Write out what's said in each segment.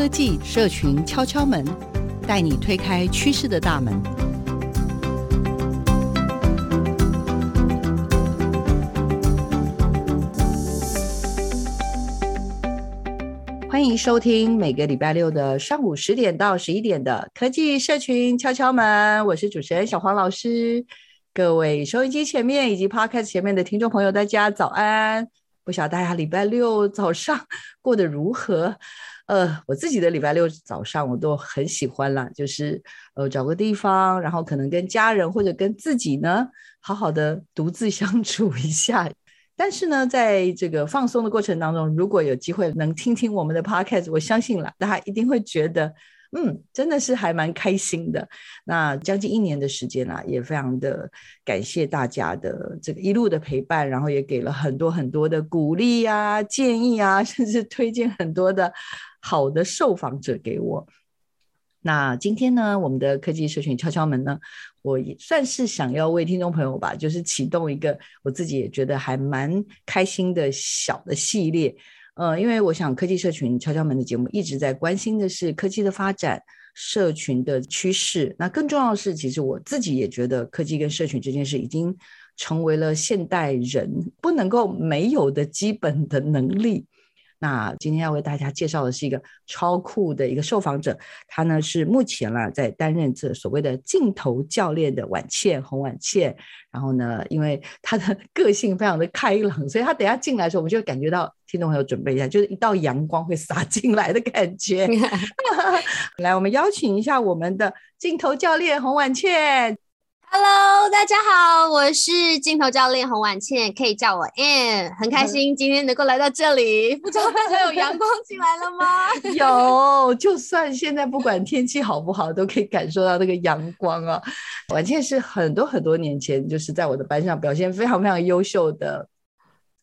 科技社群敲敲門，帶你推開趨勢的大門。歡迎收聽每個禮拜六的上午十點到十一點的科技社群敲敲門，我是主持人小黃老師。各位收音機前面以及 Podcast 前面的聽眾朋友，大家早安！不曉得大家禮拜六早上過得如何？呃，我自己的禮拜六早上我都很喜歡啦，就是呃找個地方，然後可能跟家人或者跟自己呢，好好的獨自相處一下。但是呢，在這個放鬆的過程當中，如果有機會能聽聽我們的 podcast，我相信了，大家一定會覺得。嗯，真的是還蠻開心的。那將近一年的時間啦，啊，也非常的感謝大家的這個一路的陪伴，然後也給了很多很多的鼓勵啊、建議啊，甚至推薦很多的好的受訪者給我。那今天呢，我們的科技社群敲敲門呢，我也算是想要為聽眾朋友吧，就是啟動一個我自己也覺得還蠻開心的小的系列。呃，因為我想科技社群敲敲門的節目一直在關心的是科技的發展、社群的趨勢。那更重要的是，其實我自己也覺得科技跟社群這件事已經成為了現代人不能夠沒有的基本的能力。那今天要為大家介紹的是一個超酷的一個受訪者，他呢是目前啦在擔任這所謂的鏡頭教練的婉倩，洪婉倩。然後呢，因為他的個性非常的開朗，所以他等下進來的時候，我們就會感覺到聽眾朋友準備一下，就是一道陽光會灑進來的感覺。 來，我們邀請一下我們的鏡頭教練洪婉倩。Hello，大家好，我是鏡頭教練洪婉倩，可以叫我 Anne，很開心今天能夠來到這裡。嗯、不知道大家有陽光進來了嗎？ 有，就算現在不管天氣好不好， 都可以感受到那個陽光啊。婉倩是很多很多年前就是在我的班上表現非常非常優秀的，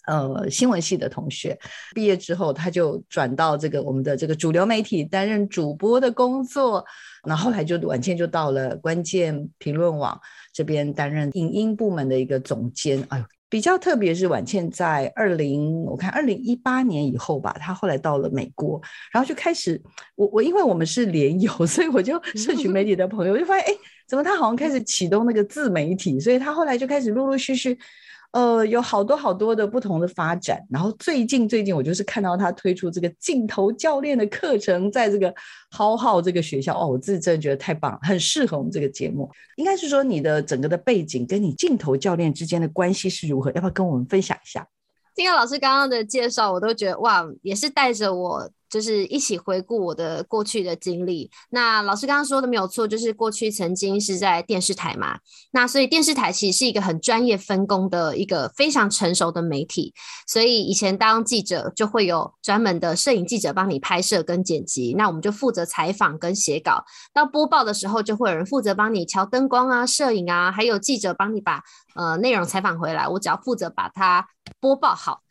呃，新聞系的同學，畢業之後他就轉到這個我們的這個主流媒體擔任主播的工作。那後，後來就婉倩就到了關鍵評論網這邊擔任影音部門的一個總監。哎呦，比較特別是婉倩在二零我看二零一八年以後吧，她後來到了美國，然後就開始我我因為我們是聯友，所以我就社群媒體的朋友 我就發現，哎，怎麼她好像開始啟動那個自媒體？所以她後來就開始陸陸續續。呃，有好多好多的不同的發展，然後最近最近我就是看到他推出這個鏡頭教練的課程，在這個 Hahow 這個學校哦，我自己真的覺得太棒了，很適合我們這個節目。應該是說你的整個的背景跟你鏡頭教練之間的關係是如何？要不要跟我們分享一下？金燕老師剛剛的介紹，我都覺得哇，也是帶着我。就是一起回顧我的過去的經歷。那老師剛剛說的沒有錯，就是過去曾經是在電視台嘛。那所以電視台其實是一個很專業分工的一個非常成熟的媒體。所以以前當記者就會有專門的攝影記者幫你拍攝跟剪輯，那我們就負責採訪跟寫稿。到播報的時候就會有人負責幫你調燈光啊、攝影啊，還有記者幫你把呃內容採訪回來，我只要負責把它播報好。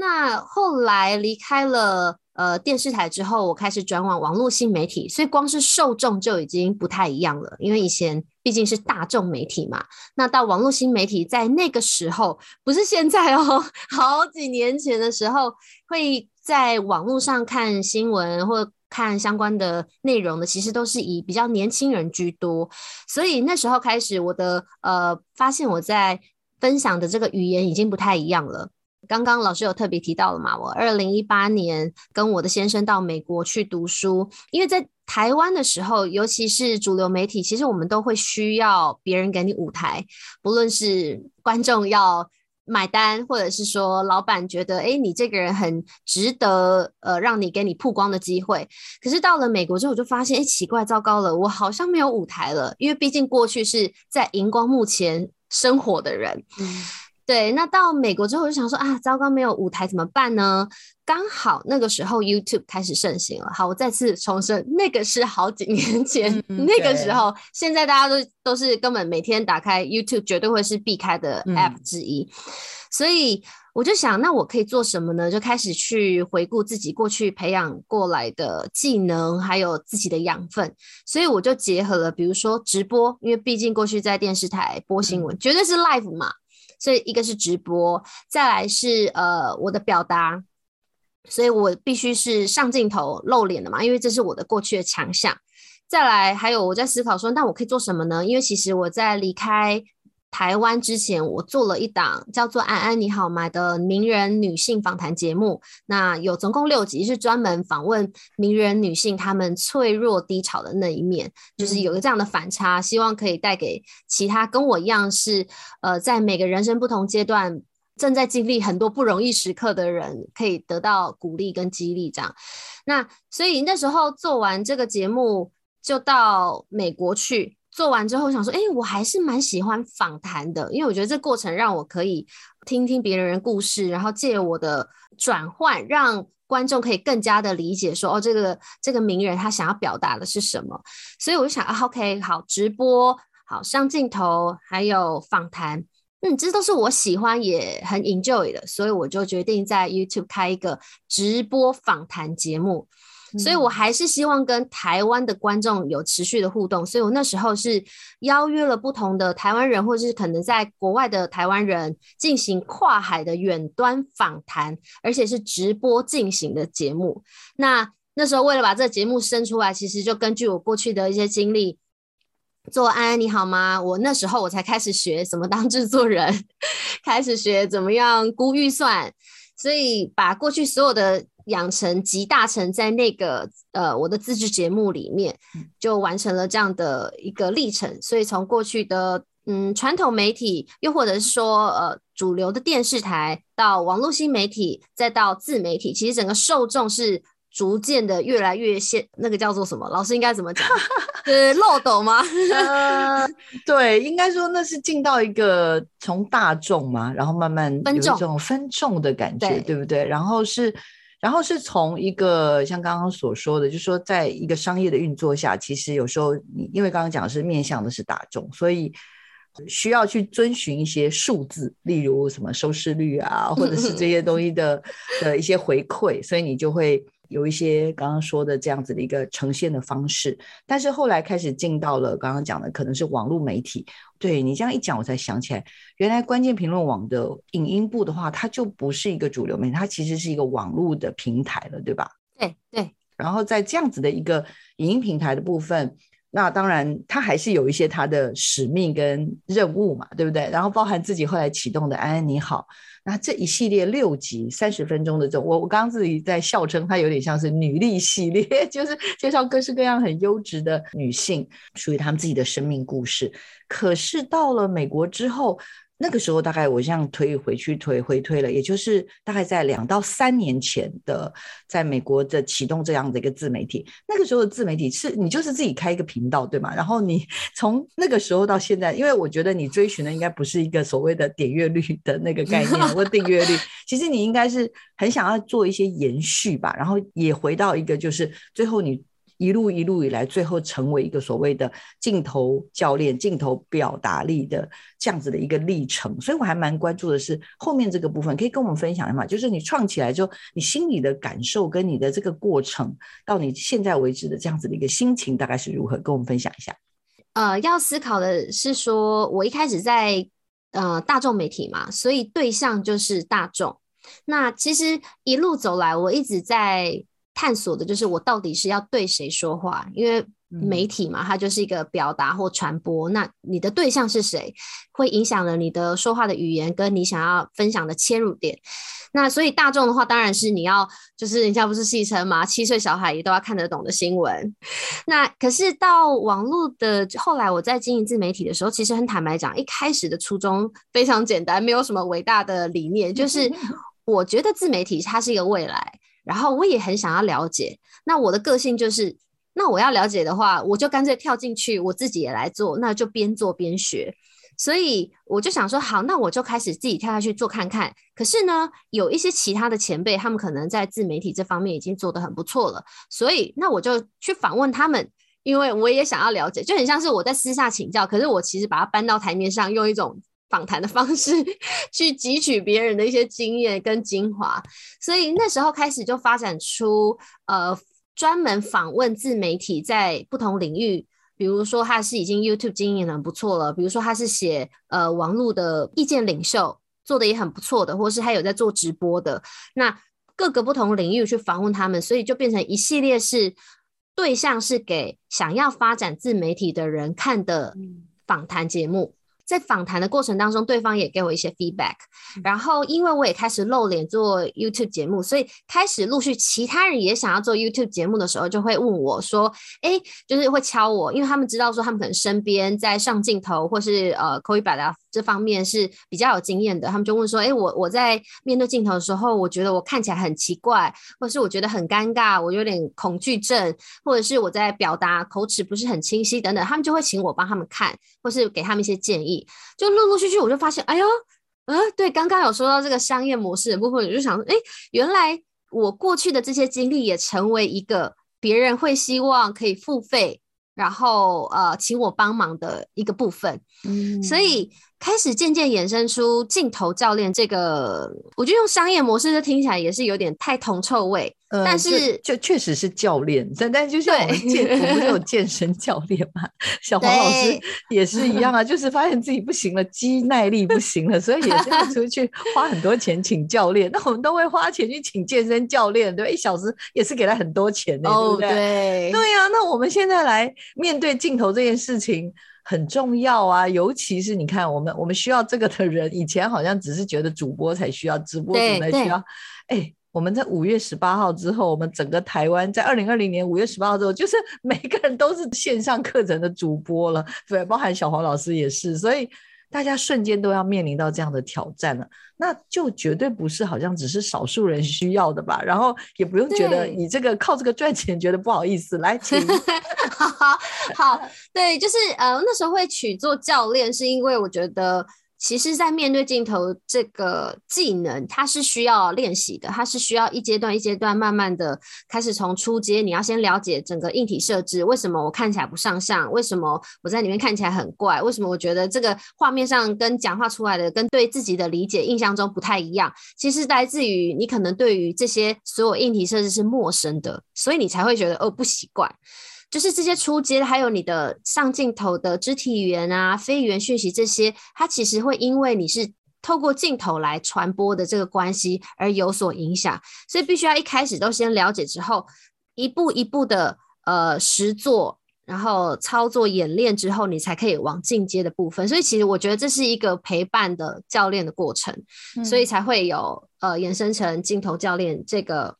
那後來離開了呃電視台之後，我開始轉往網絡新媒體，所以光是受眾就已經不太一樣了。因為以前畢竟是大眾媒體嘛，那到網絡新媒體，在那個時候不是現在哦，好幾年前的時候，會在網絡上看新聞或看相關的內容的，其實都是以比較年輕人居多。所以那時候開始，我的呃發現我在分享的這個語言已經不太一樣了。剛剛老師有特別提到了嘛，我二零一八年跟我的先生到美國去讀書，因為在台灣的時候，尤其是主流媒體，其實我們都會需要別人給你舞臺，不論是觀眾要買單，或者是說老闆覺得，哎，你這個人很值得，呃，讓你給你曝光的機會。可是到了美國之後，我就發現，哎，奇怪，糟糕了，我好像沒有舞臺了，因為畢竟過去是在熒光幕前生活的人。嗯對，那到美國之後，我就想說啊，糟糕，沒有舞台怎麼辦呢？剛好那個時候 YouTube 開始盛行了。好，我再次重申，那個是好幾年前。嗯嗯，那個時候，現在大家都都是根本每天打開 YouTube 絕對會是必開的 App 之一。嗯、所以我就想，那我可以做什麼呢？就開始去回顧自己過去培養過來的技能，還有自己的養分。所以我就結合了，比如說直播，因為畢竟過去在電視台播新聞、嗯、絕對是 live 嘛。所以一個是直播，再來是呃、我的表達，所以我必須是上鏡頭露臉的嘛，因為這是我的過去的強項。再來還有我在思考說，那我可以做什麼呢？因為其實我在離開。台灣之前，我做了一檔叫做《安安你好嗎》嗎的名人女性訪談節目，那有總共六集，是專門訪問名人女性，她們脆弱低潮的那一面，就是有個這樣的反差，希望可以帶給其他跟我一樣是呃，在每個人生不同階段正在經歷很多不容易時刻的人，可以得到鼓勵跟激勵這樣。那所以那時候做完這個節目，就到美國去。做完之後我想說，哎，欸，我還是蠻喜歡訪談的，因為我覺得這過程讓我可以聽聽別人的故事，然後借我的轉換，讓觀眾可以更加的理解說，哦，這個這個名人他想要表達的是什麼。所以我就想，啊，OK，好，直播，好，上鏡頭，還有訪談，嗯，這都是我喜歡也很 enjoy 的，所以我就決定在 YouTube 開一個直播訪談節目。所以我還是希望跟台灣的觀眾有持續的互動，嗯、所以我那時候是邀約了不同的台灣人，或者是可能在國外的台灣人進行跨海的遠端訪談，而且是直播進行的節目。那那時候為了把這個節目生出來，其實就根據我過去的一些經歷，做安安你好嗎？我那時候我才開始學怎麼當製作人，開始學怎麼樣估預算，所以把過去所有的。養成集大成在那個呃，我的自製節目裡面就完成了這樣的一個歷程，所以從過去的嗯，傳統媒體，又或者是說呃，主流的電視台到網絡新媒體，再到自媒體，其實整個受眾是逐漸的越來越先那個叫做什麼？老師應該怎麼講？ 是漏斗嗎？ 呃，對，應該說那是進到一個從大眾嘛，然後慢慢有一種分眾的感覺，對，對不對？然後是。然後是從一個像剛剛所說的，就是說在一個商業的運作下，其實有時候你因為剛剛講的是面向的是大眾，所以需要去遵循一些數字，例如什麼收視率啊，或者是這些東西的 的一些回饋，所以你就會。有一些剛剛說的這樣子的一個呈現的方式，但是後來開始進到了剛剛講的可能是網絡媒體。對，你這樣一講，我才想起來，原來關鍵評論網的影音部的話，它就不是一個主流媒體，它其實是一個網絡的平台了，對吧？對對。對，然後在這樣子的一個影音平台的部分。那當然，他還是有一些他的使命跟任務嘛，對不對？然後包含自己後來啟動的“安安你好”，那這一系列六集三十分鐘的這種，我我剛剛自己在笑稱，她有點像是女力系列，就是介紹各式各樣很優質的女性，屬於他們自己的生命故事。可是到了美國之後，那個時候大概我這樣推回去推回推了，也就是大概在兩到三年前的，在美國的啟動這樣的一個自媒體。那個時候的自媒體是你就是自己開一個頻道對嗎？然後你從那個時候到現在，因為我覺得你追尋的應該不是一個所謂的點閱率的那個概念或訂閱率， 其實你應該是很想要做一些延續吧。然後也回到一個就是最後你。一路一路以來，最後成為一個所謂的鏡頭教練、鏡頭表達力的這樣子的一個歷程，所以我還蠻關注的是後面這個部分，可以跟我們分享一下嗎？就是你創起來之後，你心裡的感受跟你的這個過程，到你現在為止的這樣子的一個心情，大概是如何？跟我們分享一下。呃，要思考的是說，我一開始在呃大眾媒體嘛，所以對象就是大眾。那其實一路走來，我一直在。探索的就是我到底是要對誰說話，因為媒體嘛，嗯、它就是一個表達或傳播。那你的對象是誰，會影響了你的說話的語言，跟你想要分享的切入點。那所以大眾的話，當然是你要，就是人家不是戲稱嘛，“七歲小孩也都要看得懂的新聞”。那可是到網絡的後來，我在經營自媒體的時候，其實很坦白講，一開始的初衷非常簡單，沒有什麼偉大的理念，就是我覺得自媒體它是一個未來。 然後我也很想要了解，那我的個性就是，那我要了解的話，我就乾脆跳進去，我自己也來做，那就邊做邊學。所以我就想說，好，那我就開始自己跳下去做看看。可是呢，有一些其他的前輩，他們可能在自媒體這方面已經做得很不錯了，所以那我就去訪問他們，因為我也想要了解，就很像是我在私下請教，可是我其實把它搬到台面上，用一種。訪談的方式去汲取別人的一些經驗跟精華，所以那時候開始就發展出呃，專門訪問自媒體在不同領域，比如說他是已經 YouTube 經營的不錯了，比如說他是寫呃網絡的意見領袖做的也很不錯的，或是他有在做直播的，那各個不同領域去訪問他們，所以就變成一系列是對象是給想要發展自媒體的人看的訪談節目。在訪談的過程當中，對方也給我一些 feedback，嗯，然後因為我也開始露臉做 YouTube 節目，所以開始陸續其他人也想要做 YouTube 節目的時候，就會問我說：“哎，就是會敲我，因為他們知道說他們可能身邊在上鏡頭或是呃口語表達這方面是比較有經驗的，他們就問說：‘哎，我我在面對鏡頭的時候，我覺得我看起來很奇怪，或是我覺得很尷尬，我有點恐懼症，或者是我在表達口齒不是很清晰等等，他們就會請我幫他們看，或是給他們一些建議。”就陸陸續續，我就發現，哎呦，嗯，啊，對，剛剛有說到這個商業模式的部分，我就想說，哎，原來我過去的這些經歷也成為一個別人會希望可以付費，然後呃，請我幫忙的一個部分，嗯，所以。開始漸漸衍生出鏡頭教練這個，我覺得用商業模式這聽起來也是有點太銅臭味。呃、但是就確實是教練，但但就像我們健身對 我們不是有健身教練嘛， 小黃老師也是一樣啊，對 就是發現自己不行了，肌 耐力不行了，所以也是要出去花很多錢請教練。 那我們都會花錢去請健身教練，對吧？一小時也是給他很多錢的，欸，oh，對不對？對呀，啊，那我們現在來面對鏡頭這件事情。很重要啊，尤其是你看，我們我們需要這個的人，以前好像只是覺得主播才需要，直播才需要。哎、欸，我們在五月十八號之後，我們整個台灣在二零二零年五月十八號之後，就是每個人都是線上課程的主播了，對，包含小黃老師也是，所以。大家瞬間都要面臨到這樣的挑戰了，那就絕對不是好像只是少數人需要的吧。然後也不用覺得你這個靠這個賺錢覺得不好意思，對來，請。 好好 對，就是呃那時候會取做教練，是因為我覺得。其實，在面對鏡頭這個技能，它是需要練習的，它是需要一階段一階段慢慢的開始從初階。你要先了解整個硬體設置，為什麼我看起來不上相？為什麼我在裡面看起來很怪？為什麼我覺得這個畫面上跟講話出來的跟對自己的理解印象中不太一樣？其實來自於你可能對於這些所有硬體設置是陌生的，所以你才會覺得哦，不習慣。就是這些出鏡，還有你的上鏡頭的肢體語言啊、非語言訊息這些，它其實會因為你是透過鏡頭來傳播的這個關係而有所影響，所以必須要一開始都先了解，之後一步一步的呃實作。然後操作演練之後，你才可以往進階的部分。所以其實我覺得這是一個陪伴的教練的過程，所以才會有呃延伸成鏡頭教練這個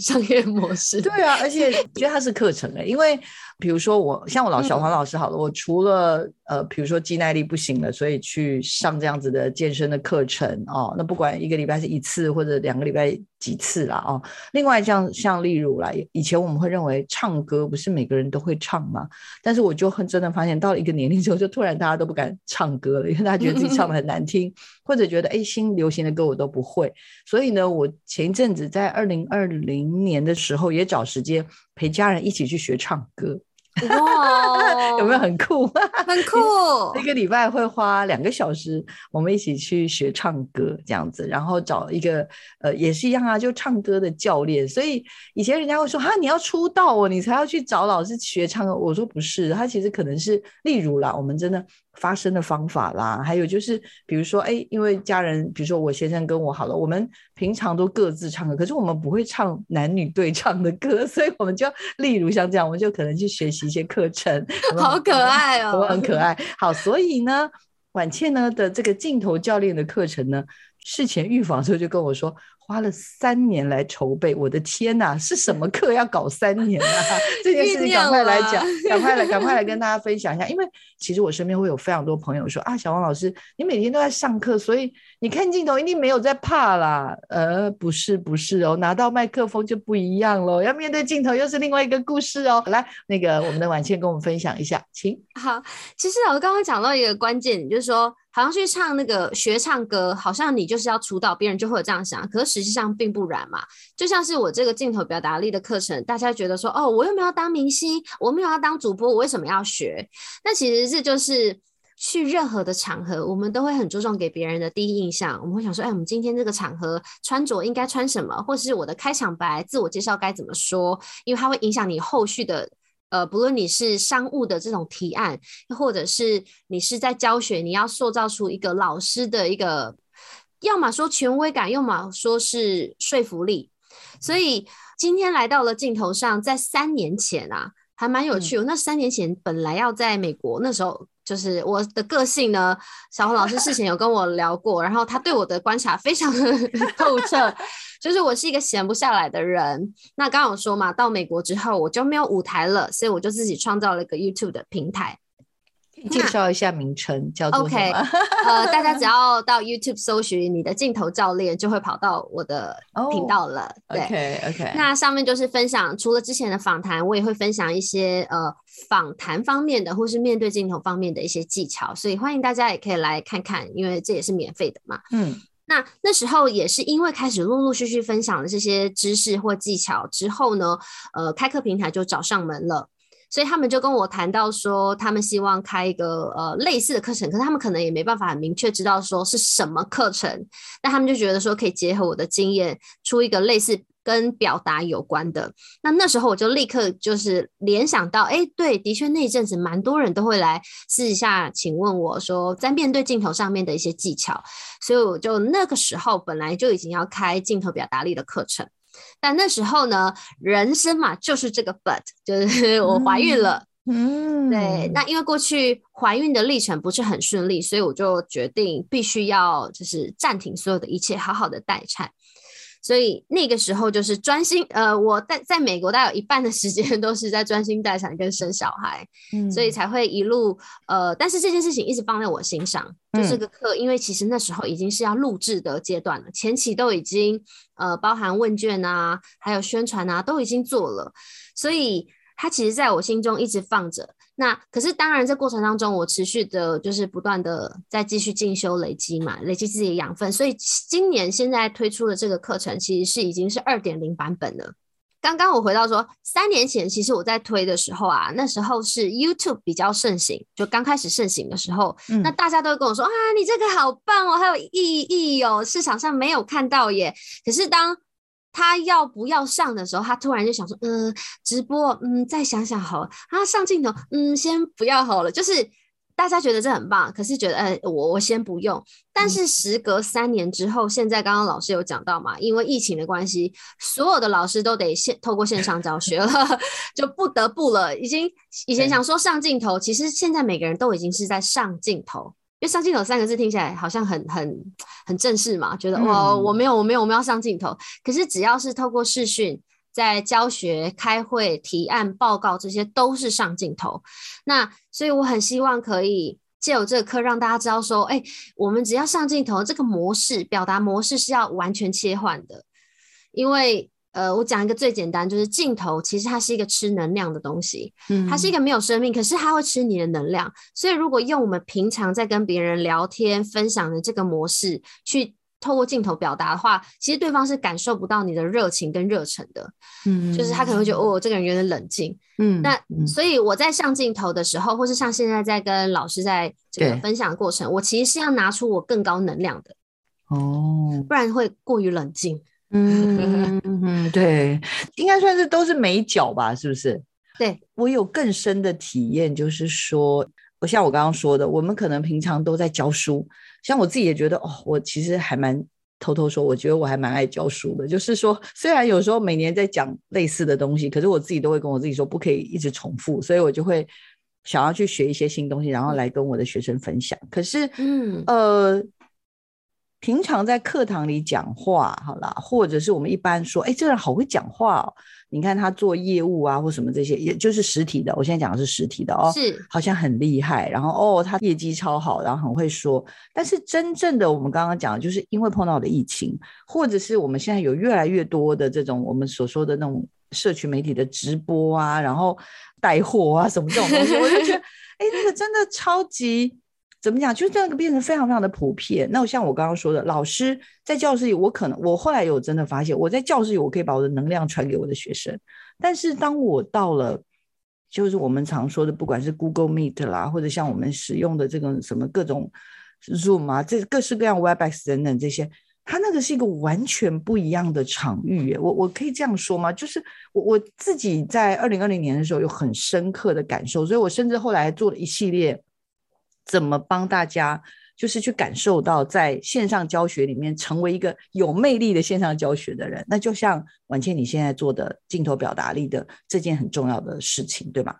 商 業模式、嗯。對啊，而且覺得它是課程誒、欸， 因為比如說我像我老小黃老師，好了，嗯、我除了呃，比如說肌耐力不行了，所以去上這樣子的健身的課程哦。那不管一個禮拜是一次或者兩個禮拜，幾次啦，哦。另外像，像像例如啦，以前我們會認為唱歌不是每個人都會唱嗎？但是我就很真的發現，到了一個年齡之後，就突然大家都不敢唱歌了，因為大家覺得自己唱的很難聽， 或者覺得哎、欸，新流行的歌我都不會。所以呢，我前一陣子在二零二零年的時候，也找時間陪家人一起去學唱歌。Wow, 有沒有很酷？ 很酷！一個禮拜會花兩個小時，我們一起去學唱歌這樣子，然後找一個呃，也是一樣啊，就唱歌的教練。所以以前人家會說：“哈，你要出道哦，你才要去找老師學唱歌。”我說不是，他其實可能是，例如啦，我們真的。發聲的方法啦，還有就是，比如說，哎、欸，因為家人，比如說我先生跟我好了，我們平常都各自唱歌，可是我們不會唱男女對唱的歌，所以我們就，例如像這樣，我們就可能去學習一些課程。 有有好可愛哦、喔，我很可愛。好，所以呢，婉倩呢的這個鏡頭教練的課程呢，事前預防的時候就跟我說。花了三年來籌備，我的天吶、啊，是什麼課要搞三年啊？ 這件事情趕快來講，念 趕快來，趕快來跟大家分享一下。因為其實我身邊會有非常多朋友說啊，小王老師，你每天都在上課，所以你看鏡頭一定沒有在怕啦。呃，不是，不是哦，拿到麥克風就不一樣了，要面對鏡頭又是另外一個故事哦。來，那個我們的婉倩跟我們分享一下，請。好，其實老師剛剛講到一個關鍵，就是說。好像去唱那個學唱歌，好像你就是要出道，別人就會有這樣想。可是實際上並不然嘛。就像是我這個鏡頭表達力的課程，大家覺得說，哦，我又沒有當明星，我沒有要當主播，我為什麼要學？那其實這就是去任何的場合，我們都會很注重給別人的第一印象。我們會想說，哎，我們今天這個場合穿着應該穿什麼，或是我的開場白、自我介紹該怎麼說，因為它會影響你後續的。呃，不論你是商務的這種提案，或者是你是在教學，你要塑造出一個老師的一個，要麼說權威感，要麼說是說服力。所以今天來到了鏡頭上，在三年前啊，還蠻有趣的。嗯。那三年前本來要在美國，那時候。就是我的個性呢，小紅老師事前有跟我聊過， 然後他對我的觀察非常的透徹，就是我是一個閒不下來的人。那剛剛有說嘛，到美國之後我就沒有舞台了，所以我就自己創造了一個 YouTube 的平台。介紹一下名稱，叫做 OK。呃，大家只要到 YouTube 搜尋“ 你的鏡頭教練”，就會跑到我的頻道了。對。Oh, OK OK。那上面就是分享，除了之前的訪談，我也會分享一些呃訪談方面的，或是面對鏡頭方面的一些技巧，所以歡迎大家也可以來看看，因為這也是免費的嘛。嗯，那那時候也是因為開始陸陸續續分享了這些知識或技巧之後呢，呃，開課平台就找上門了。所以他們就跟我談到說，他們希望開一個呃類似的課程，可是他們可能也沒辦法很明確知道說是什麼課程，但他們就覺得說可以結合我的經驗出一個類似跟表達有關的。那那時候我就立刻就是聯想到，哎、欸，對，的確那陣子蠻多人都會來私底下，請問我說在面對鏡頭上面的一些技巧，所以我就那個時候本來就已經要開鏡頭表達力的課程。但那時候呢，人生嘛，就是這個 but，就是我懷孕了。嗯，對，那、嗯、因為過去懷孕的歷程不是很順利，所以我就決定必須要就是暫停所有的一切，好好的待產。所以那個時候就是專心，呃，我在在美國大概有一半的時間都是在專心待產跟生小孩，嗯、所以才會一路，呃，但是這件事情一直放在我心上，就這個課，嗯、因為其實那時候已經是要錄製的階段了，前期都已經，呃，包含問卷啊，還有宣傳啊，都已經做了，所以它其實在我心中一直放着。那可是當然在過程當中我持續的，就是不斷的在繼續進修累積嘛，累積自己的養分。所以今年現在推出的這個課程，其實是已經是二點零版本了。剛剛我回到說，三年前其實我在推的時候啊，那時候是 YouTube 比較盛行，就剛開始盛行的時候，那大家都會跟我說啊，你這個好棒哦，還有意義哦，市場上沒有看到耶。可是當他要不要上的時候，他突然就想說：“嗯、呃，直播，嗯，再想想好了。啊，上鏡頭，嗯，先不要好了。就是大家覺得這很棒，可是覺得，哎、欸，我我先不用。但是時隔三年之後，嗯、現在剛剛老師有講到嘛，因為疫情的關係，所有的老師都得先透過線上教學了， 就不得不了。已經以前想說上鏡頭，嗯、其實現在每個人都已經是在上鏡頭。”因為上鏡頭三個字聽起來好像很很很正式嘛，覺得我、嗯哦、我沒有我沒有我們要上鏡頭，可是只要是透過視訊，在教學、開會、提案、報告，這些都是上鏡頭。那所以我很希望可以借由這個課讓大家知道說，哎、欸，我們只要上鏡頭這個模式表達模式是要完全切換的，因為。呃，我講一個最簡單，就是鏡頭其實它是一個吃能量的東西，嗯，它是一個沒有生命，可是它會吃你的能量。所以如果用我們平常在跟別人聊天分享的這個模式去透過鏡頭表達的話，其實對方是感受不到你的熱情跟熱忱的。嗯，就是他可能會覺得哦，這個人有點冷靜。嗯，那嗯所以我在上鏡頭的時候，或是像現在在跟老師在這個分享的過程，Okay. 我其實是要拿出我更高能量的。哦，oh. 不然會過於冷靜。 嗯嗯嗯嗯，對，應該算是都是美角吧，是不是？對。我有更深的體驗，就是說，我像我剛剛說的，我們可能平常都在教書，像我自己也覺得哦，我其實還蠻偷偷說，我覺得我還蠻愛教書的。就是說，雖然有時候每年在講類似的東西，可是我自己都會跟我自己說，不可以一直重複，所以我就會想要去學一些新東西，然後來跟我的學生分享。可是，嗯呃。平常在課堂裡講話，好了，或者是我們一般說，哎、欸，這個、人好會講話。哦。你看他做業務啊，或什麼這些，也就是實體的。我現在講的是實體的哦，是好像很厲害。然後哦，他業績超好，然後很會說。但是真正的我們剛剛講，就是因為碰到的疫情，或者是我們現在有越來越多的這種我們所說的那種社群媒體的直播啊，然後帶貨啊，什麼這種東西， 我就覺得，哎、欸，那個真的超級。怎麼講？就是這個變成非常非常的普遍。那像我剛剛說的，老師在教室裡，我可能我後來有真的發現，我在教室裡，我可以把我的能量傳給我的學生。但是當我到了，就是我們常說的，不管是 Google Meet 啦，或者像我們使用的這種什麼各種 Zoom 啊，這各式各樣 Webex 等等這些，它那個是一個完全不一樣的場域。我我可以這樣說嗎？就是我我自己在二零二零年的時候有很深刻的感受，所以我甚至後來做了一系列。怎麼幫大家，就是去感受到在線上教學裡面成為一個有魅力的線上教學的人？那就像婉倩你現在做的鏡頭表達力的這件很重要的事情，對嗎？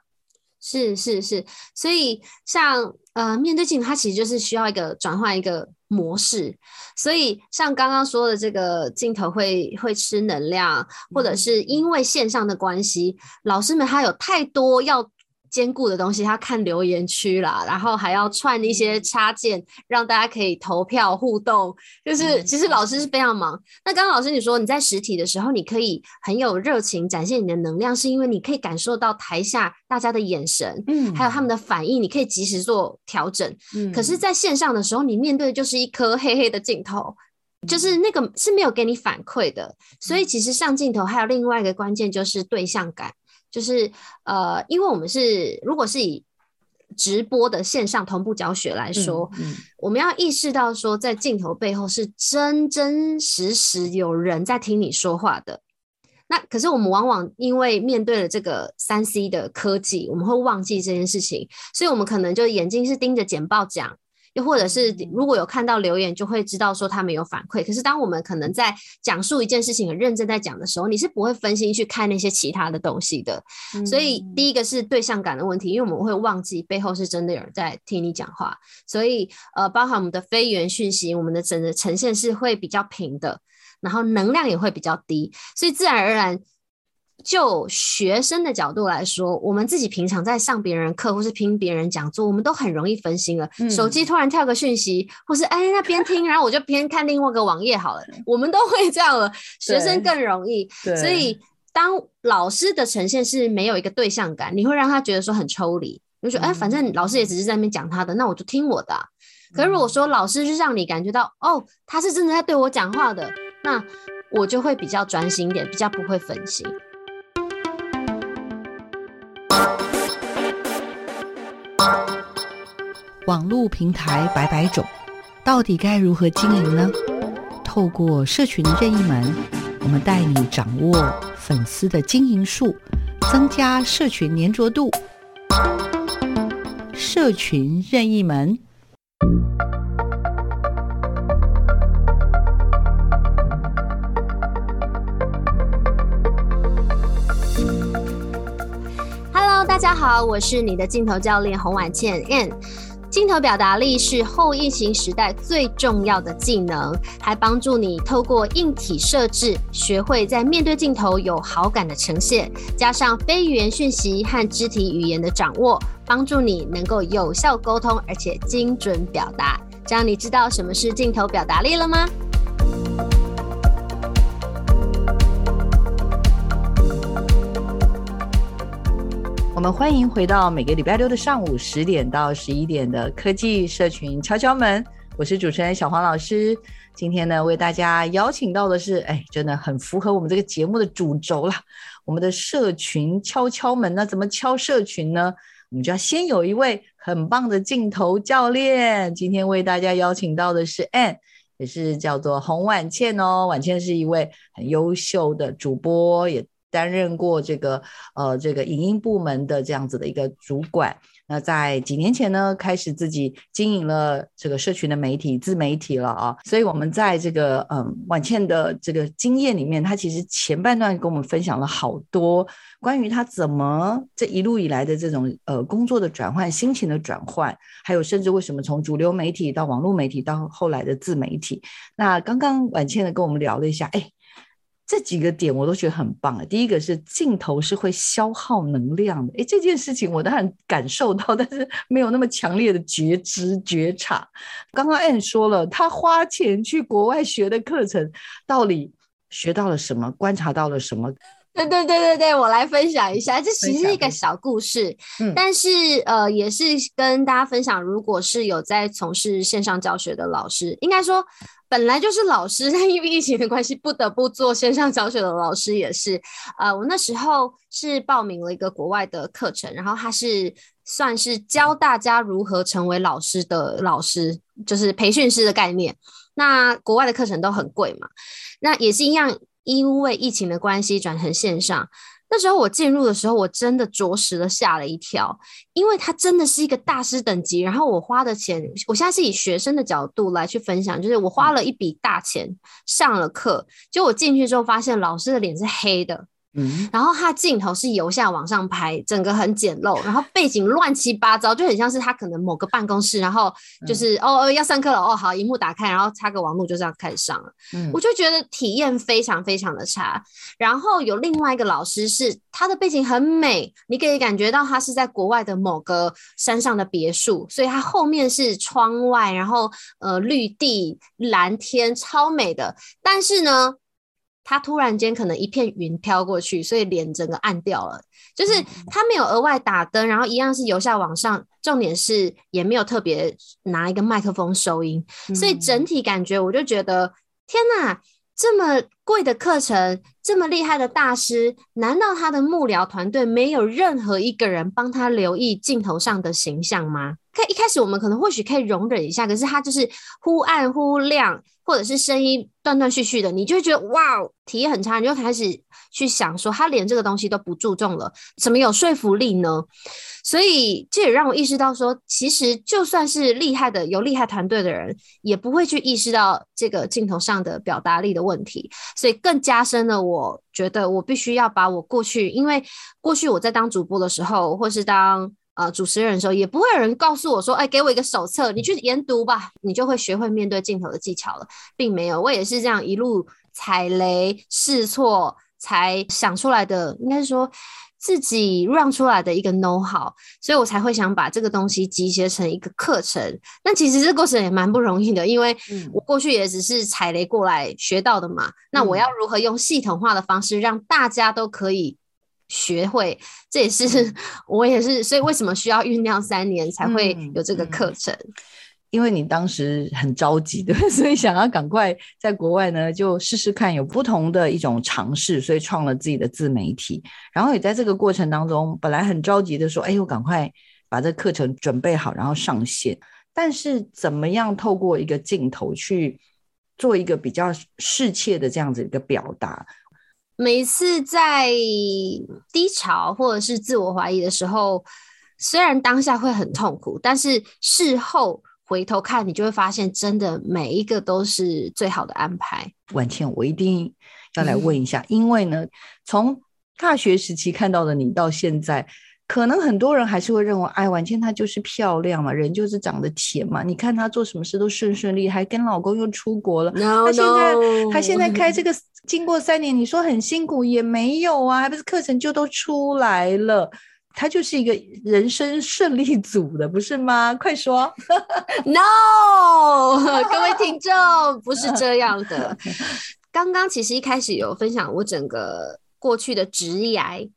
是是是，所以像呃面對鏡頭，它其實就是需要一個轉換一個模式。所以像剛剛說的這個鏡頭會會吃能量，或者是因為線上的關係，老師們他有太多要。兼顧的東西，他看留言區啦，然後還要串一些插件，嗯、讓大家可以投票互動。就是其實老師是非常忙。嗯、那剛剛老師你說你在實體的時候，你可以很有熱情展現你的能量，是因為你可以感受到台下大家的眼神，嗯，還有他們的反應，你可以及時做調整。嗯，可是在線上的時候，你面對的就是一顆黑黑的鏡頭，嗯、就是那個是沒有給你反饋的。所以其實上鏡頭還有另外一個關鍵就是對象感。就是呃，因為我們是如果是以直播的線上同步教學來說，嗯嗯、我們要意識到說，在鏡頭背後是真真實實有人在聽你說話的。那可是我們往往因為面對了這個三 C 的科技，我們會忘記這件事情，所以我們可能就眼睛是盯着簡報講。又或者是如果有看到留言，就會知道說他們有反饋。嗯、可是當我們可能在講述一件事情很認真在講的時候，你是不會分心去看那些其他的東西的。嗯、所以第一個是對象感的問題，因為我們會忘記背後是真的有人在聽你講話。所以呃，包含我們的非語言訊息，我們的整個呈現是會比較平的，然後能量也會比較低，所以自然而然。就學生的角度來說，我們自己平常在上別人課或是聽別人講座，我們都很容易分心了。嗯、手機突然跳個訊息，或是哎、欸、那邊聽， 然後我就邊看另外一個網頁好了。我們都會這樣了，學生更容易。所以當老師的呈現是沒有一個對象感，你會讓他覺得說很抽離，嗯、就說哎、欸、反正老師也只是在那邊講他的，那我就聽我的、啊。可是如果說老師是讓你感覺到、嗯、哦他是真的在對我講話的，那我就會比較專心一點，比較不會分心。網絡平台百百種，到底該如何經營呢？透過社群任意門，我們帶你掌握粉絲的經營術，增加社群粘着度。社群任意門。Hello，大家好，我是你的鏡頭教練洪婉倩鏡頭表達力是後疫情時代最重要的技能，還幫助你透過硬體設置學會在面對鏡頭有好感的呈現，加上非語言訊息和肢體語言的掌握，幫助你能夠有效溝通而且精準表達。這樣你知道什麼是鏡頭表達力了嗎？我們歡迎回到每個禮拜六的上午十點到十一點的科技社群敲敲門，我是主持人小黃老師。今天呢，為大家邀請到的是，哎，真的很符合我們這個節目的主軸了。我們的社群敲敲門呢，那怎麼敲社群呢？我們就要先有一位很棒的鏡頭教練。今天為大家邀請到的是 Ann，也是叫做洪婉倩哦。婉倩是一位很優秀的主播，也。擔任過這個呃這個影音部門的這樣子的一個主管，那在幾年前呢，開始自己經營了這個社群的媒體自媒體了啊，所以我們在這個嗯婉倩的這個經驗裡面，她其實前半段跟我們分享了好多關於她怎麼這一路以來的這種呃工作的轉換、心情的轉換，還有甚至為什麼從主流媒體到網絡媒體到後來的自媒體。那剛剛婉倩呢跟我們聊了一下，哎。這幾個點我都覺得很棒啊，第一個是鏡頭是會消耗能量的，誒，這件事情我當然感受到，但是沒有那麼強烈的覺知覺察。剛剛 Anne 說了，他花錢去國外學的課程，到底學到了什麼？觀察到了什麼？對對對對對，我來分享一下，這其實是一個小故事，嗯、但是呃，也是跟大家分享，如果是有在從事線上教學的老師，應該說本來就是老師，但因為疫情的關係，不得不做線上教學的老師也是，呃，我那時候是報名了一個國外的課程，然後他是算是教大家如何成為老師的老師，就是培訓師的概念。那國外的課程都很貴嘛，那也是一樣。因為疫情的關係轉成線上，那時候我進入的時候，我真的着實的嚇了一跳，因為他真的是一個大師等級，然後我花的錢，我現在是以學生的角度來去分享，就是我花了一筆大錢上了課，嗯、就我進去之後發現老師的臉是黑的。嗯，然後他鏡頭是由下往上拍，整個很簡陋，然後背景亂七八糟，就很像是他可能某個辦公室，然後就是、嗯、哦哦要上課了哦，好，螢幕打開，然後插個網絡就這樣開始上了。嗯，我就覺得體驗非常非常的差。然後有另外一個老師是他的背景很美，你可以感覺到他是在國外的某個山上的別墅，所以他後面是窗外，然後呃綠地藍天超美的，但是呢。他突然間可能一片雲飄過去，所以臉整個暗掉了。就是他沒有額外打燈，然後一樣是由下往上，重點是也沒有特別拿一個麥克風收音，所以整體感覺我就覺得，嗯，天哪！這麼貴的課程，這麼厲害的大師，難道他的幕僚團隊沒有任何一個人幫他留意鏡頭上的形象嗎？可以一開始我們可能或許可以容忍一下，可是他就是忽暗忽亮。或者是聲音斷斷續續的，你就覺得哇，體驗很差，你就開始去想說他連這個東西都不注重了，怎麼有說服力呢？所以這也讓我意識到說，其實就算是厲害的、有厲害團隊的人，也不會去意識到這個鏡頭上的表達力的問題。所以更加深了，我覺得我必須要把我過去，因為過去我在當主播的時候，或是當。啊、呃！主持人的時候，也不會有人告訴我說：“哎、欸，給我一個手冊，你去研讀吧，你就會學會面對鏡頭的技巧了。”並沒有，我也是這樣一路踩雷試錯才想出來的，應該說自己讓出來的一個 know how，所以我才會想把這個東西集結成一個課程。那其實這個過程也蠻不容易的，因為我過去也只是踩雷過來學到的嘛。嗯、那我要如何用系統化的方式讓大家都可以？學會，這也是我也是，所以為什麼需要醞釀三年才會有這個課程。嗯嗯。因為你當時很着急的，所以想要趕快在國外呢就試試看，有不同的一種嘗試，所以創了自己的自媒體。然後也在這個過程當中，本來很着急的說：“哎、欸，我趕快把這課程準備好，然後上線。嗯。”但是怎麼樣透過一個鏡頭去做一個比較適切的這樣子一個表達？每次在低潮或者是自我懷疑的時候，雖然當下會很痛苦，但是事後回頭看，你就會發現，真的每一個都是最好的安排。婉倩，我一定要來問一下，嗯、因為呢，從大學時期看到的你到現在，可能很多人還是會認為，哎，婉倩她就是漂亮嘛，人就是長得甜嘛，你看她做什麼事都順順利，還跟老公又出國了，她 No, no. 現在她現在開這個。經過三年，你說很辛苦也沒有啊，還不是課程就都出來了？他就是一個人生勝利組的，不是嗎？快說，No，各位聽眾不是這樣的。剛剛 其實一開始有分享我整個過去的職業，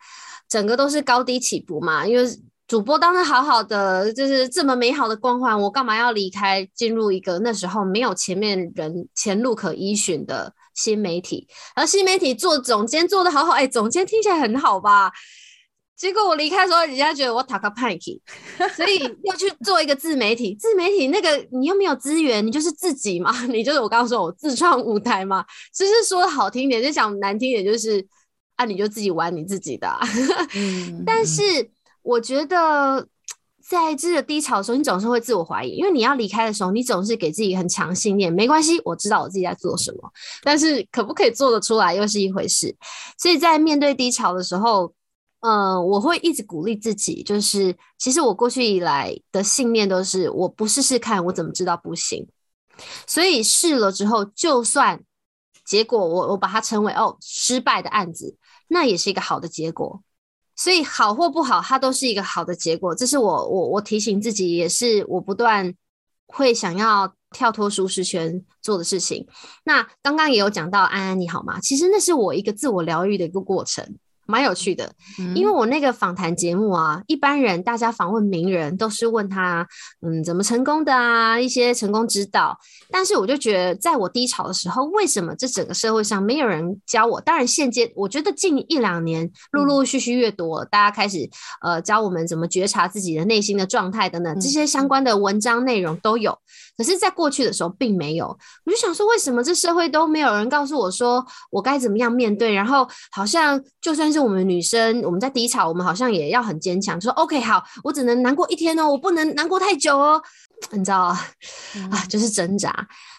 整個都是高低起伏嘛。因為主播當時好好的，就是這麼美好的光環，我幹嘛要離開，進入一個那時候沒有前面人前路可依循的？新媒體，而新媒體做總監做得好好，哎，總監聽起來很好吧？結果我離開的時候，人家覺得我塔克叛逆，所以要去做一個自媒體。 自媒體那個你又沒有資源，你就是自己嘛，你就是我剛剛說我自創舞台嘛，只是說的好聽點，就講難聽點就是啊，你就自己玩你自己的，啊。 嗯嗯、但是我覺得。在這個低潮的時候，你總是會自我懷疑，因為你要離開的時候，你總是給自己很強信念，沒關係，我知道我自己在做什麼。但是可不可以做得出來又是一回事。所以在面對低潮的時候，嗯、呃，我會一直鼓勵自己，就是其實我過去以來的信念都是，我不試試看，我怎麼知道不行？所以試了之後，就算結果我我把它稱為哦失敗的案子，那也是一個好的結果。所以好或不好，它都是一個好的結果。這是我，我，我提醒自己，也是我不斷會想要跳脫舒適圈做的事情。那剛剛也有講到，安安你好嗎？其實那是我一個自我療癒的一個過程。蠻有趣的，因為我那個訪談節目啊，一般人大家訪問名人都是問他，嗯，怎麼成功的啊，一些成功之道。但是我就覺得，在我低潮的時候，為什麼這整個社會上沒有人教我？當然現階段我覺得近一兩年陸陸續續越多，大家開始呃教我們怎麼覺察自己的內心的狀態等等，這些相關的文章內容都有。可是，在過去的時候並沒有。我就想說，為什麼這社會都沒有人告訴我說我該怎麼樣面對？然後好像就算。就是，我們女生，我們在低潮，我們好像也要很堅強，就說 OK 好，我只能難過一天哦，我不能難過太久哦，你知道啊，嗯、啊就是掙扎。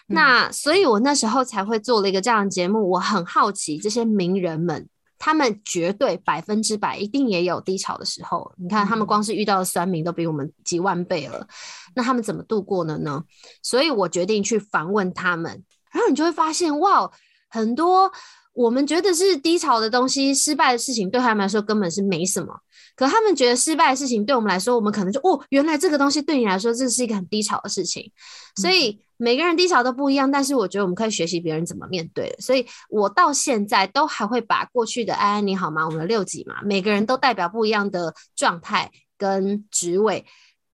嗯、那所以，我那時候才會做了一個這樣的節目。我很好奇這些名人們，他們絕對百分之百一定也有低潮的時候。你看，他們光是遇到的酸民都比我們幾萬倍了，嗯、那他們怎麼度過的呢？所以我決定去訪問他們，然後你就會發現，哇，很多。我們覺得是低潮的東西，失敗的事情，對他們來說根本是沒什麼。可他們覺得失敗的事情，對我們來說，我們可能就哦，原來這個東西對你來說，這是一個很低潮的事情。所以每個人低潮都不一樣，但是我覺得我們可以學習別人怎麼面對。所以我到現在都還會把過去的“安安你好嗎”我們的六集嘛，每個人都代表不一樣的狀態跟職位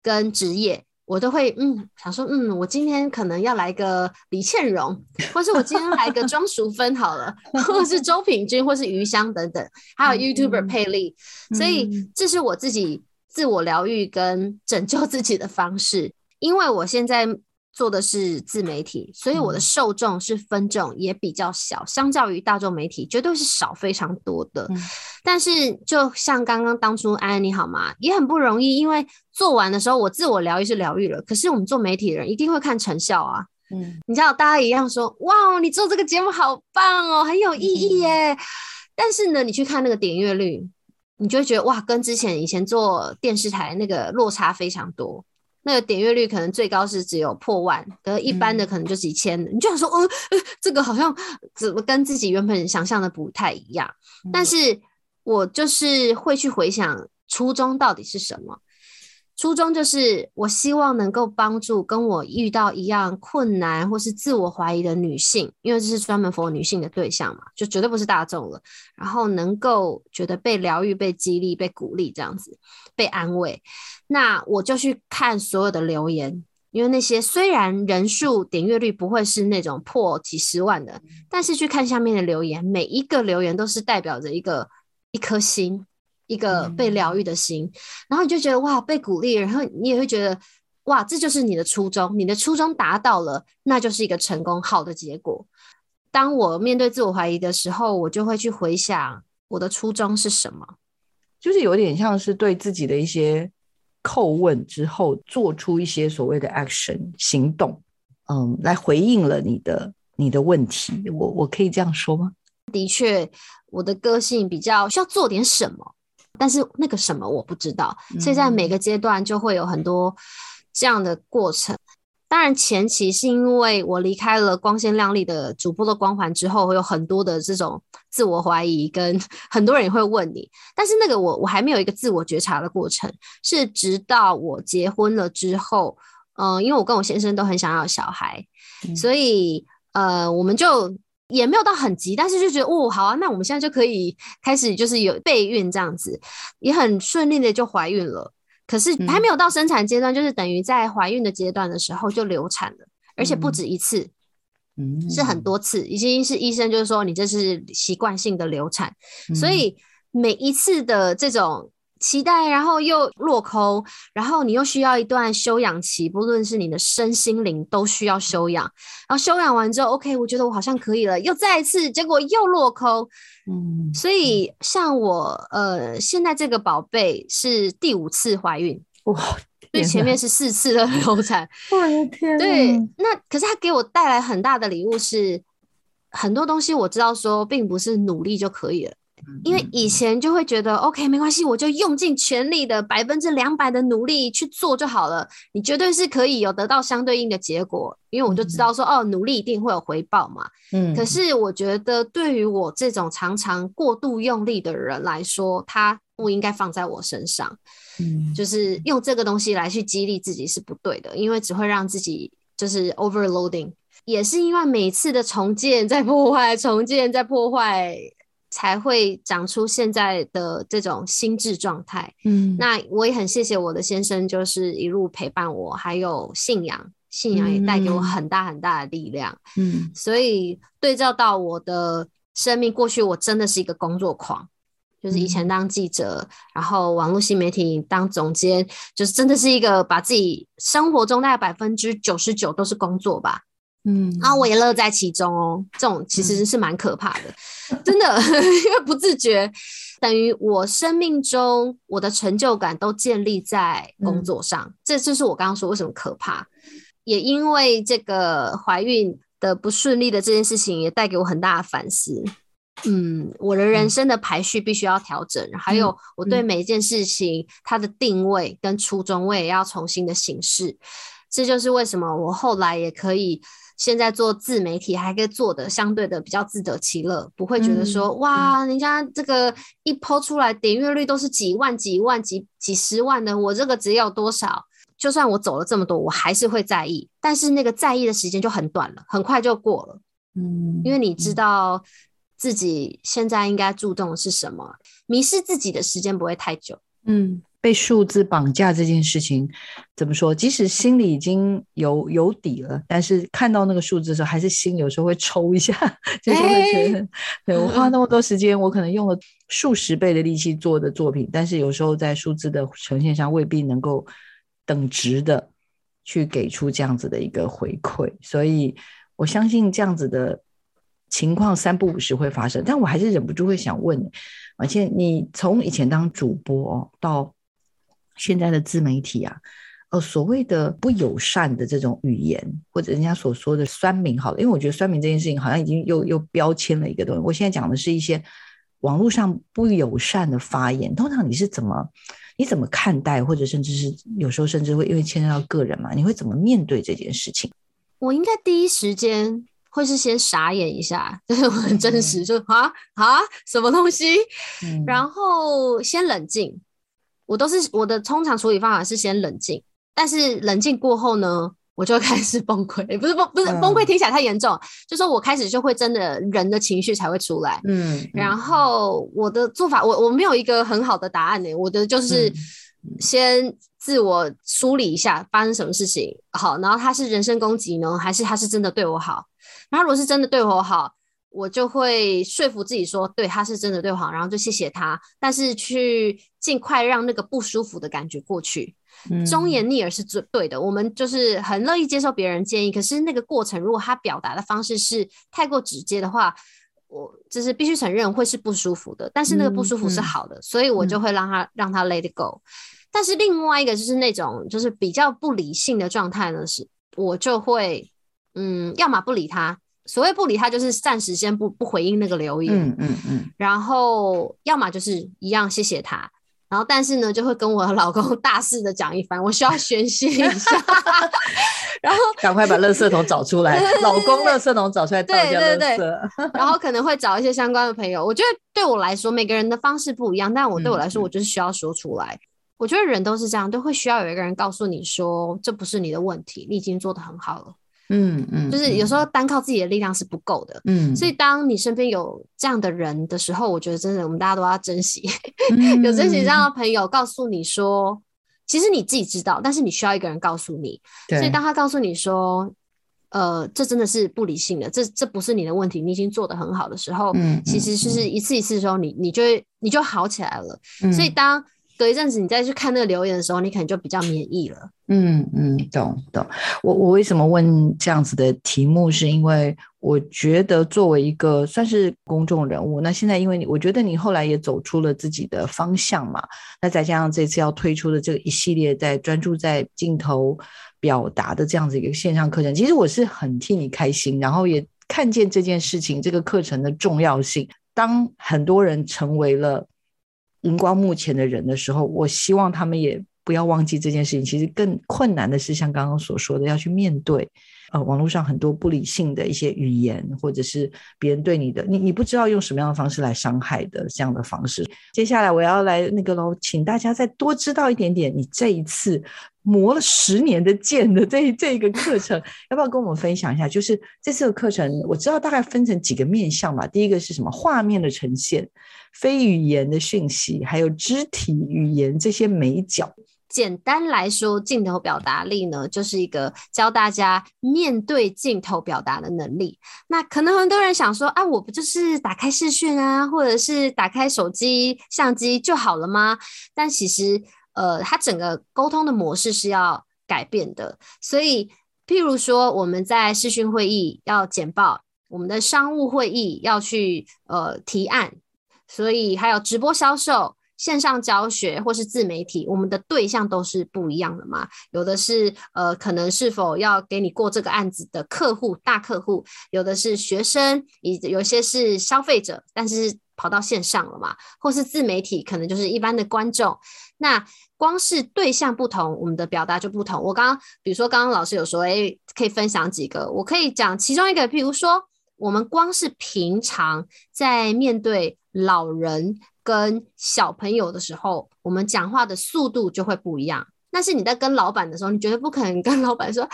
跟職業。我都會嗯想說嗯，我今天可能要來個李倩蓉，或是我今天來個莊淑芬好了， 或者是周品君，或者是余香等等，還有 YouTuber、嗯、佩麗，所以這是我自己自我療癒跟拯救自己的方式，因為我現在。做的是自媒體，所以我的受眾是分眾，也比較小，嗯、相較於大眾媒體，絕對是少非常多的。嗯、但是就像剛剛當初安妮，好嗎？也很不容易，因為做完的時候，我自我療癒是療癒了。可是我們做媒體的人一定會看成效啊。嗯，你知道大家一樣說，哇哦，你做這個節目好棒哦，很有意義耶。嗯、但是呢，你去看那個點閱率，你就會覺得哇，跟之前以前做電視台那個落差非常多。那個點閱率可能最高是只有破萬，可一般的可能就幾千。嗯、你就想說，嗯、呃呃，這個好像怎麼跟自己原本想象的不太一樣？嗯、但是我就是會去回想初衷到底是什麼。初衷就是，我希望能夠幫助跟我遇到一樣困難或是自我懷疑的女性，因為這是專門 for 女性的對象嘛，就絕對不是大眾了。然後能夠覺得被療癒、被激勵、被鼓勵這樣子，被安慰。那我就去看所有的留言，因為那些雖然人數、點閱率不會是那種破幾十萬的，但是去看下面的留言，每一個留言都是代表着一個一顆心。一個被療癒的心，嗯，然後你就覺得哇，被鼓勵，然後你也會覺得哇，這就是你的初衷，你的初衷達到了，那就是一個成功好的結果。當我面對自我懷疑的時候，我就會去回想我的初衷是什麼，就是有點像是對自己的一些叩問之後，做出一些所謂的 action 行動，嗯，來回應了你的你的問題。我我可以這樣說嗎？的確，我的個性比較需要做點什麼。但是那個什麼我不知道，所以在每個階段就會有很多這樣的過程。嗯、哼當然前期是因為我離開了光鮮亮麗的主播的光環之後，會有很多的這種自我懷疑，跟很多人也會問你。但是那個我我還沒有一個自我覺察的過程，是直到我結婚了之後，嗯、呃，因為我跟我先生都很想要小孩，嗯、哼所以呃，我們就。也沒有到很急，但是就覺得哦，好啊，那我們現在就可以開始，就是有備孕這樣子，也很順利的就懷孕了。可是還沒有到生產階段，嗯、就是等於在懷孕的階段的時候就流產了，而且不止一次，嗯，是很多次，已經是醫生就是說你這是習慣性的流產，嗯、所以每一次的這種。期待，然後又落空，然後你又需要一段休養期，不論是你的身心靈都需要休養。然後休養完之後，OK，我覺得我好像可以了，又再一次，結果又落空。嗯，所以像我，呃，現在這個寶貝是第五次懷孕，哇，對，所以前面是四次的流產。 我的天！對，那可是他給我帶來很大的禮物是很多東西，我知道說並不是努力就可以了。因為以前就會覺得，嗯，OK，沒關係，我就用盡全力的百分之兩百的努力去做就好了，你絕對是可以有得到相對應的結果。因為我就知道說，嗯，哦，努力一定會有回報嘛。嗯。可是我覺得，對於我這種常常過度用力的人來說，它不應該放在我身上。嗯。就是用這個東西來去激勵自己是不對的，因為只會讓自己就是 overloading。也是因為每次的重建在破壞，重建在破壞。才會長出現在的這種心智狀態。嗯，那我也很謝謝我的先生，就是一路陪伴我，還有信仰，信仰也帶給我很大很大的力量。嗯，所以對照到我的生命過去，我真的是一個工作狂，就是以前當記者，嗯、然後網絡新媒體當總監，就是真的是一個把自己生活中大概百分之九十九都是工作吧。嗯，啊，我也樂在其中哦。這種其實是蠻可怕的，嗯、真的，因 為不自覺，等於我生命中我的成就感都建立在工作上。嗯、這就是我剛剛說為什麼可怕，也因為這個懷孕的不順利的這件事情也帶給我很大的反思。嗯，我的人生的排序必須要調整，嗯、還有我對每一件事情它的定位跟初衷我也要重新的形式。嗯嗯、這就是為什麼我後來也可以。現在做自媒體還可以做得相對的比較自得其樂，不會覺得說、嗯、哇，人家這個一 po 出來，嗯、點閱率都是幾萬、幾萬、幾幾十萬的，我這個只有多少？就算我走了這麼多，我還是會在意，但是那個在意的時間就很短了，很快就過了。嗯，因為你知道自己現在應該注重的是什麼，迷失自己的時間不會太久。嗯。被數字綁架這件事情怎麼說？即使心裡已經有有底了，但是看到那個數字的時候，還是心有時候會抽一下。得、欸、 對，我花那麼多時間，哦、我可能用了數十倍的力氣做的作品，但是有時候在數字的呈現上未必能夠等值的去給出這樣子的一個回饋。所以我相信這樣子的情況三不五時會發生，但我還是忍不住會想問，而且你從以前當主播、哦、到。現在的自媒體啊，哦、呃，所謂的不友善的這種語言，或者人家所說的酸民，好了，因為我覺得酸民這件事情好像已經又又標籤了一個東西。我現在講的是一些網絡上不友善的發言，通常你是怎麼你怎麼看待，或者甚至是有時候甚至會因為牽涉到個人嘛，你會怎麼面對這件事情？我應該第一時間會是先傻眼一下，就是我很真實， 就啊啊什麼東西，嗯、然後先冷靜。我都是我的通常處理方法是先冷靜，但是冷靜過後呢，我就會開始崩潰，不是崩，不是崩潰，聽起來太嚴重。嗯、就說我開始就會真的人的情緒才會出來，嗯，然後我的做法，我我沒有一個很好的答案呢、欸。我的就是先自我梳理一下發生什麼事情，好，然後他是人身攻擊呢，還是他是真的對我好？然後如果是真的對我好。我就會說服自己說，對，他是真的對我好，然後就謝謝他，但是去儘快讓那個不舒服的感覺過去。忠言逆耳是最對的，我們就是很樂意接受別人建議。可是那個過程，如果他表達的方式是太過直接的話，我就是必須承認會是不舒服的。但是那個不舒服是好的，嗯、所以我就會讓他、嗯、讓他 let it go。但是另外一個就是那種就是比較不理性的狀態呢，是我就會嗯，要麼不理他。所謂不理他，就是暫時先不不回應那個留言。嗯嗯嗯。嗯嗯然後要麼就是一樣謝謝他，然後但是呢，就會跟我老公大肆的講一番，我需要宣泄一下。 然後趕 快把樂色桶找出來， 對對對對老公樂色桶找出來，倒掉樂色。 然後可能會找一些相關的朋友。我覺得對我來說，每個人的方式不一樣，但我對我來說，嗯、我就是需要說出來。嗯、我覺得人都是這樣，都會需要有一個人告訴你說，這不是你的問題，你已經做得很好了。嗯嗯，嗯就是有時候單靠自己的力量是不夠的。嗯，所以當你身邊有這樣的人的時候，我覺得真的我們大家都要珍惜。嗯、 有珍惜這樣的朋友告訴你說，嗯、其實你自己知道，但是你需要一個人告訴你。對所以當他告訴你說，呃，這真的是不理性的，這這不是你的問題，你已經做得很好的時候，嗯，其實就是一次一次的時候，你你就會你就好起來了。嗯、所以當隔一陣子，你再去看那個留言的時候，你可能就比較免疫了嗯。嗯嗯，懂懂。我我為什麼問這樣子的題目，是因為我覺得作為一個算是公眾人物，那現在因為你，我覺得你後來也走出了自己的方向嘛。那再加上這次要推出的這個一系列在專注在鏡頭表達的這樣子一個線上課程，其實我是很替你開心，然後也看見這件事情，這個課程的重要性。當很多人成為了。熒光幕前的人的時候，我希望他們也不要忘記這件事情。其實更困難的是，像剛剛所說的，要去面對，呃，網絡上很多不理性的一些語言，或者是別人對你的，你你不知道用什麼樣的方式來傷害的這樣的方式。接下來我要來那個嘍，請大家再多知道一點點你這一次。磨了十年的劍的這這一個課程， 要不要跟我們分享一下？就是這次的課程，我知道大概分成幾個面向吧。第一個是什麼？畫面的呈現、非語言的訊息，還有肢體語言這些眉角。簡單來說，鏡頭表達力呢，就是一個教大家面對鏡頭表達的能力。那可能很多人想說：“啊，我不就是打開視訊啊，或者是打開手機相機就好了嗎？”但其實，呃，它整個溝通的模式是要改變的，所以，譬如說我們在視訊會議要簡報，我們的商務會議要去呃提案，所以還有直播銷售、線上教學或是自媒體，我們的對象都是不一樣的嘛。有的是呃，可能是否要給你過這個案子的客戶、大客戶；有的是學生，有些是消費者，但是，跑到線上了嘛，或是自媒體，可能就是一般的觀眾。那光是對象不同，我們的表達就不同。我剛剛，比如說，剛剛老師有說，誒、欸，可以分享幾個，我可以講其中一個，譬如說，我們光是平常在面對老人跟小朋友的時候，我們講話的速度就會不一樣。那是你在跟老闆的時候，你絕對不可能跟老闆說，老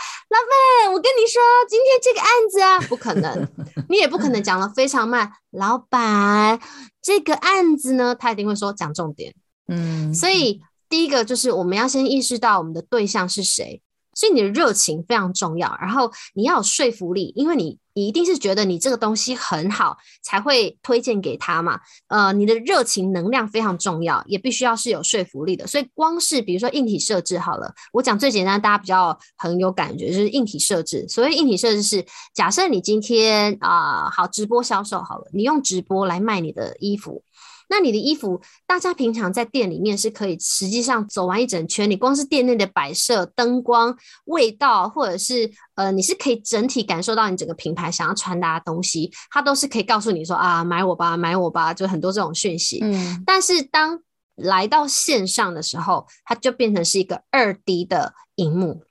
闆，我跟你說，今天這個案子啊，不可能，你也不可能講得非常慢。 老闆，這個案子呢，他一定會說講重點，嗯。所以、嗯、第一個就是我們要先意識到我們的對象是誰。所以你的熱情非常重要，然後你要有說服力，因為你你一定是覺得你這個東西很好才會推薦給他嘛。呃，你的熱情能量非常重要，也必須要是有說服力的。所以光是比如說硬體設置好了，我講最簡單，大家比較很有感覺，就是硬體設置。所謂硬體設置是，假設你今天啊，呃，好，直播銷售好了，你用直播來賣你的衣服。那你的衣服，大家平常在店裡面是可以，實際上走完一整圈，你光是店內的擺設、燈光、味道，或者是呃，你是可以整體感受到你整個品牌想要傳達的東西，它都是可以告訴你說啊，買我吧，買我吧，就很多這種訊息。嗯，但是當來到線上的時候，它就變成是一個二 D 的熒幕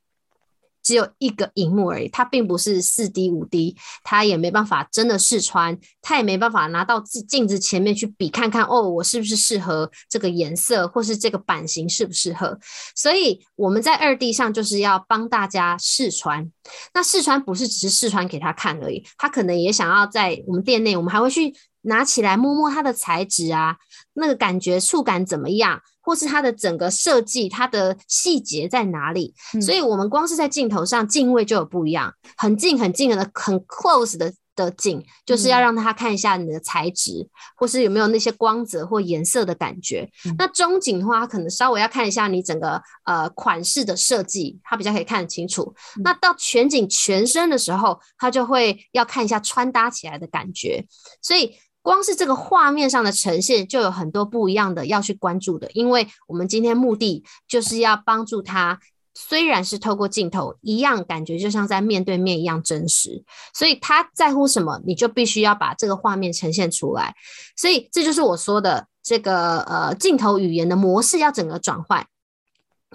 只有一個熒幕而已，它並不是四 D 五 D，它也沒辦法真的試穿，它也沒辦法拿到鏡鏡子前面去比看看哦，我是不是適合這個顏色，或是這個版型適不適合？所以我們在二 D 上就是要幫大家試穿，那試穿不是只是試穿給他看而已，他可能也想要在我們店內，我們還會去拿起來摸摸它的材質啊，那個感覺觸感怎麼樣？或是它的整個設計，它的細節在哪裡？嗯、所以我們光是在鏡頭上，鏡位就有不一樣，很近很近很的、很 close 的的景，嗯、就是要讓他看一下你的材質，或是有沒有那些光澤或顏色的感覺。嗯、那中景的話，它可能稍微要看一下你整個呃款式的設計，它比較可以看得清楚。嗯、那到全景全身的時候，它就會要看一下穿搭起來的感覺，所以。光是這個畫面上的呈現，就有很多不一樣的要去關注的。因為我們今天目的就是要幫助他，雖然是透過鏡頭，一樣感覺就像在面對面一樣真實。所以他在乎什麼，你就必須要把這個畫面呈現出來。所以這就是我說的這個呃鏡頭語言的模式要整個轉換。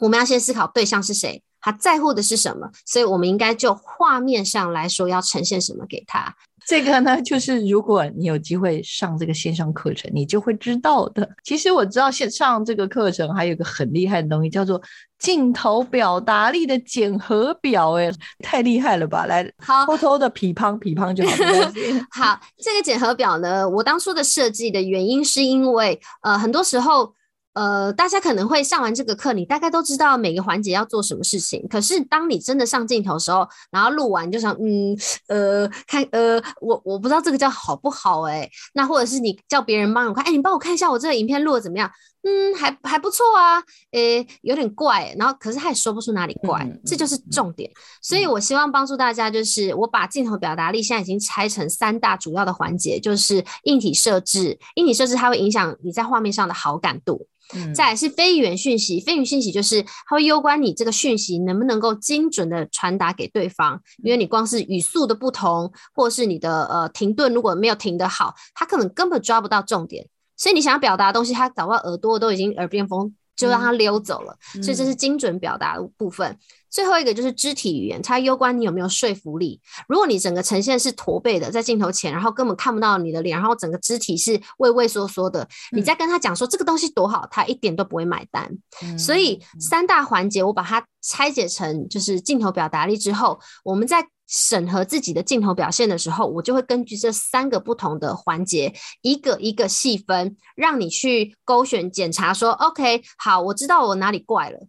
我們要先思考對象是誰，他在乎的是什麼，所以我們應該就畫面上來說要呈現什麼給他。 這個呢，就是如果你有機會上這個線上課程，你就會知道的。其實我知道線上這個課程還有一個很厲害的東西，叫做鏡頭表達力的檢核表，哎，太厲害了吧！來，好偷偷的皮胖皮胖就好。 好，這個檢核表呢，我當初的設計的原因是因為，呃，很多時候。呃，大家可能會上完這個課，你大概都知道每個環節要做什麼事情。可是當你真的上鏡頭的時候，然後錄完就想，嗯，呃，看，呃，我我不知道這個叫好不好欸。那或者是你叫別人幫你看，欸，你幫我看一下我這個影片錄的怎麼樣？嗯，還還不錯啊，誒、欸，有點怪，欸，然後可是他也說不出哪裡怪，嗯嗯嗯嗯，這就是重點。所以我希望幫助大家，就是我把鏡頭表達力現在已經拆成三大主要的環節，就是硬體設置，硬體設置它會影響你在畫面上的好感度，嗯嗯嗯，再來是非語言訊息，非語言訊息就是它會攸關你這個訊息能不能夠精準的傳達給對方，因為你光是語速的不同或是你的呃停頓，如果沒有停得好，他可能根本抓不到重點。所以你想要表達的東西，他搞不好耳朵都已經耳邊風，就讓他溜走了。嗯、所以這是精準表達的部分。嗯最後一個就是肢體語言，它攸關你有沒有說服力。如果你整個呈現是駝背的，在鏡頭前，然後根本看不到你的臉，然後整個肢體是畏畏縮縮的，你再跟他講說這個東西多好，他一點都不會買單。嗯，所以三大環節，我把它拆解成就是鏡頭表達力之後，我們在審核自己的鏡頭表現的時候，我就會根據這三個不同的環節，一個一個細分，讓你去勾選檢查說 OK，好，我知道我哪裡怪了。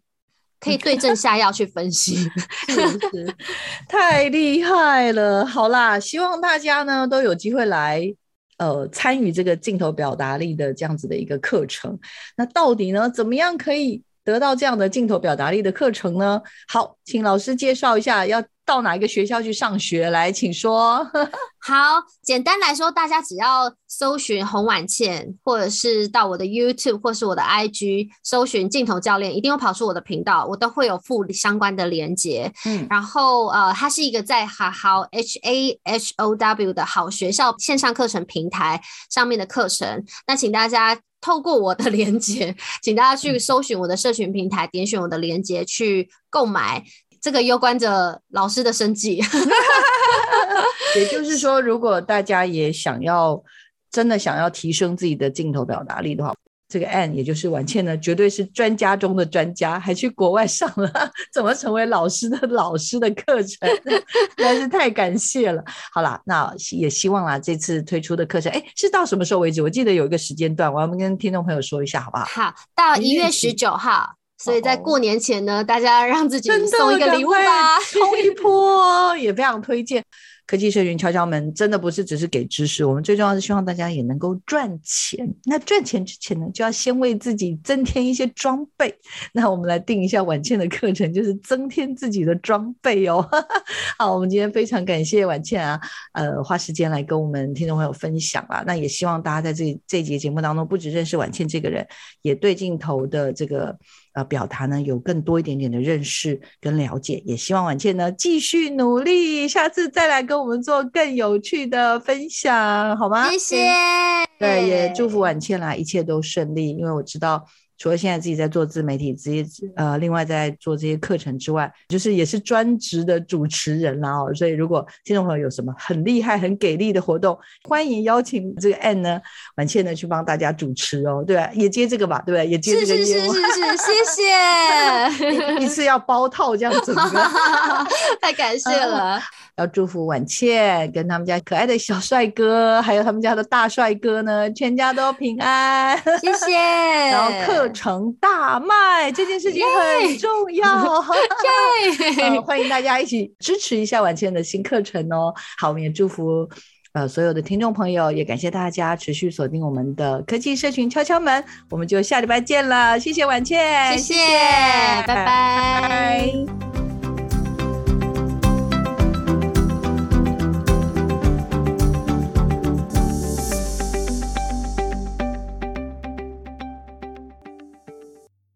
可以對症下藥去分析， 不 太厲害了！好啦，希望大家呢都有機會來，呃，參與這個鏡頭表達力的這樣子的一個課程。那到底呢，怎麼樣可以得到這樣的鏡頭表達力的課程呢？好，請老師介紹一下要。到哪一個學校去上學？來，請說。 好，簡單來說，大家只要搜尋洪婉倩，或者是到我的 YouTube 或者是我的 IG 搜尋“鏡頭教練”，一定會跑出我的頻道，我都會有附相關的連結。嗯，然後呃，它是一個在 How H, aha, H A H O W 的好學校線上課程平台上面的課程。那請大家透過我的連結，請大家去搜尋我的社群平台，嗯、點選我的連結去購買。這個攸關着老師的生計， 也就是說，如果大家也想要，真的想要提升自己的鏡頭表達力的話，這個 Ann 也就是婉倩呢，絕對是專家中的專家，還去國外上了怎麼成為老師的老師的課程，真是太感謝了。好啦，那也希望啊，這次推出的課程，哎，是到什麼時候為止？我記得有一個時間段，我們要跟聽眾朋友說一下，好不好？好，到1月19號。所以在過年前呢，oh, 大家讓自己送一個禮物吧，衝一波、哦、 也非常推薦。科技社群敲敲門，真的不是只是給知識，我們最重要的是希望大家也能夠賺錢。那賺錢之前呢，就要先為自己增添一些裝備。那我們來定一下婉倩的課程，就是增添自己的裝備哦。 好，我們今天非常感謝婉倩啊，呃，花時間來跟我們聽眾朋友分享啊。那也希望大家在這這節節目當中，不只認識婉倩這個人，也對鏡頭的這個。呃，表達呢有更多一點點的認識跟了解，也希望婉倩呢繼續努力，下次再來跟我們做更有趣的分享，好嗎？謝謝。嗯、對，也祝福婉倩啦，一切都順利，因為我知道。除了現在自己在做自媒體，自己呃，另外在做這些課程之外，就是也是專職的主持人啦。哦。所以如果聽眾朋友有什麼很厲害、很給力的活動，歡迎邀請這個 Anne 呢，婉倩呢去幫大家主持哦，對吧？也接這個吧，對不對？也接這個業務。是是是是是， 謝謝一。一次要包套這樣子 太感謝了。嗯要祝福婉倩跟他們家可愛的小帥哥，還有他們家的大帥哥呢，全家都平安。謝謝。 然後課程大賣這件事情很重要，很重要。嗯，歡迎大家一起支持一下婉倩的新課程哦。好，我們也祝福，呃，所有的聽眾朋友，也感謝大家持續鎖定我們的科技社群敲敲門。我們就下禮拜見了，謝謝婉倩，謝謝，謝謝拜拜。拜拜